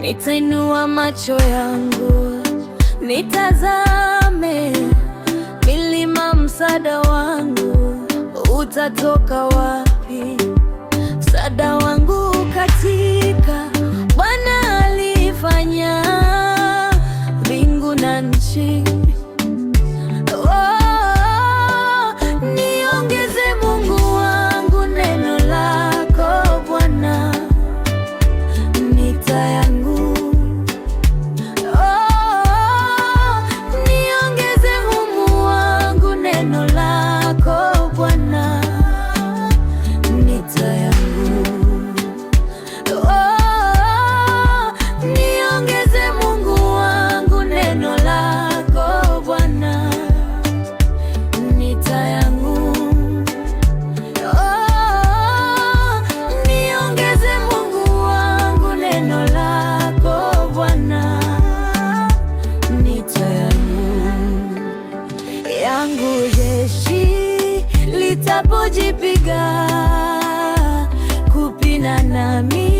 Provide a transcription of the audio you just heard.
Nitainua macho yangu nitazame milima, msaada wangu utatoka wapi? Msaada wangu katika litapojipiga kupina nami